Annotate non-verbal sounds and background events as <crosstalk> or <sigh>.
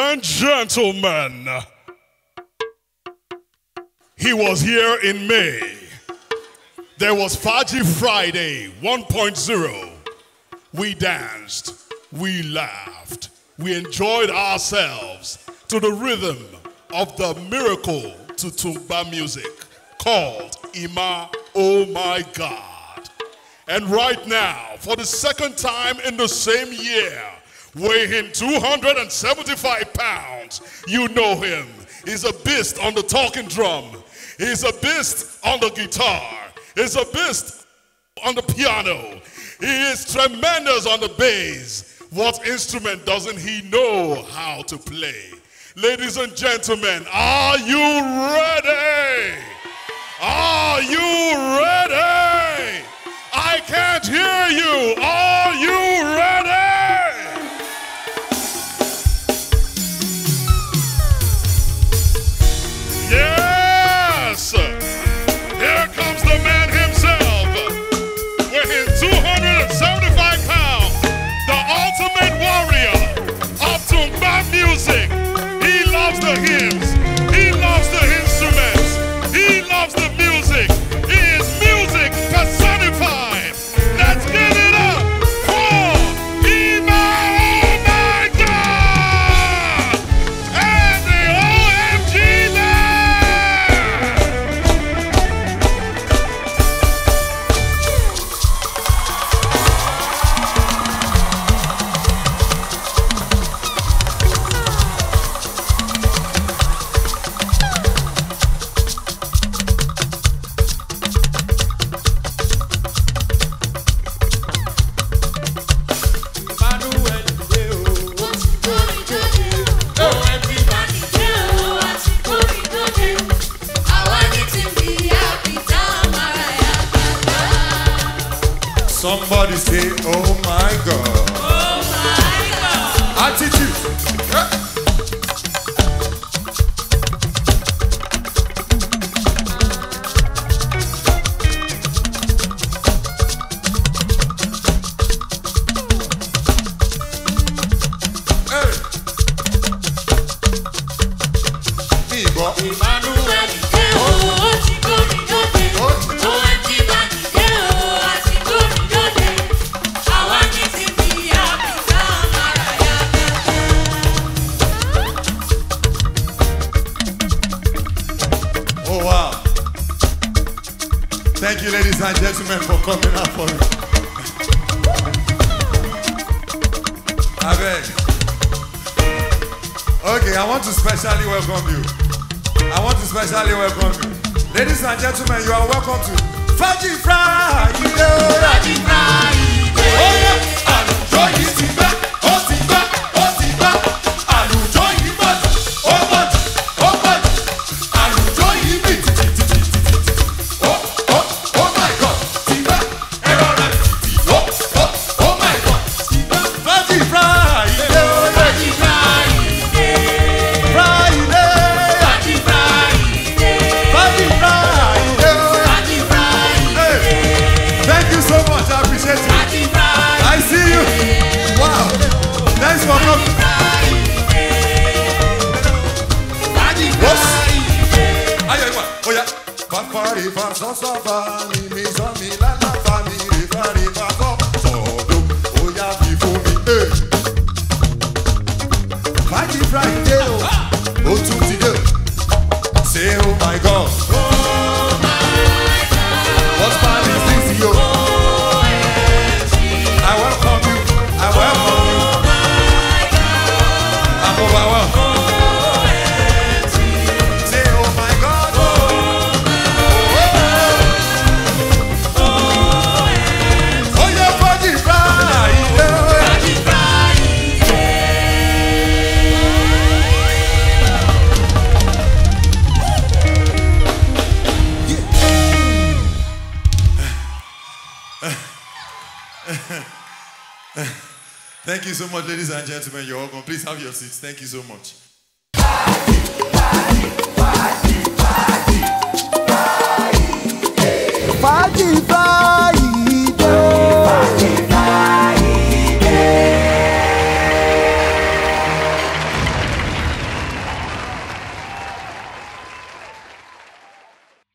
and gentlemen, he was here in May. There was Faji Friday 1.0. We danced, we laughed, we enjoyed ourselves to the rhythm of the miracle to Tumba music called Ima Oh My God. And right now, for the second time in the same year, weigh him 275 pounds. You know him. He's a beast on the talking drum. He's a beast on the guitar. He's a beast on the piano. He is tremendous on the bass. What instrument doesn't he know how to play? Ladies and gentlemen, are you ready? Are you ready? I can't hear you. Are Somebody say, oh my God. Thank you, ladies and gentlemen, for coming out for us. I beg. Okay, I want to specially welcome you. I want to specially welcome you. Ladies and gentlemen, you are welcome to Faji Friday. Faji Friday. Oh, yeah. and yìí ti bẹ́ẹ̀. party, farsa, safani, mis amigas. <laughs> Thank you so much, ladies and gentlemen. You're welcome. Please have your seats. Thank you so much. Party, party, party, party, party, party, party, party.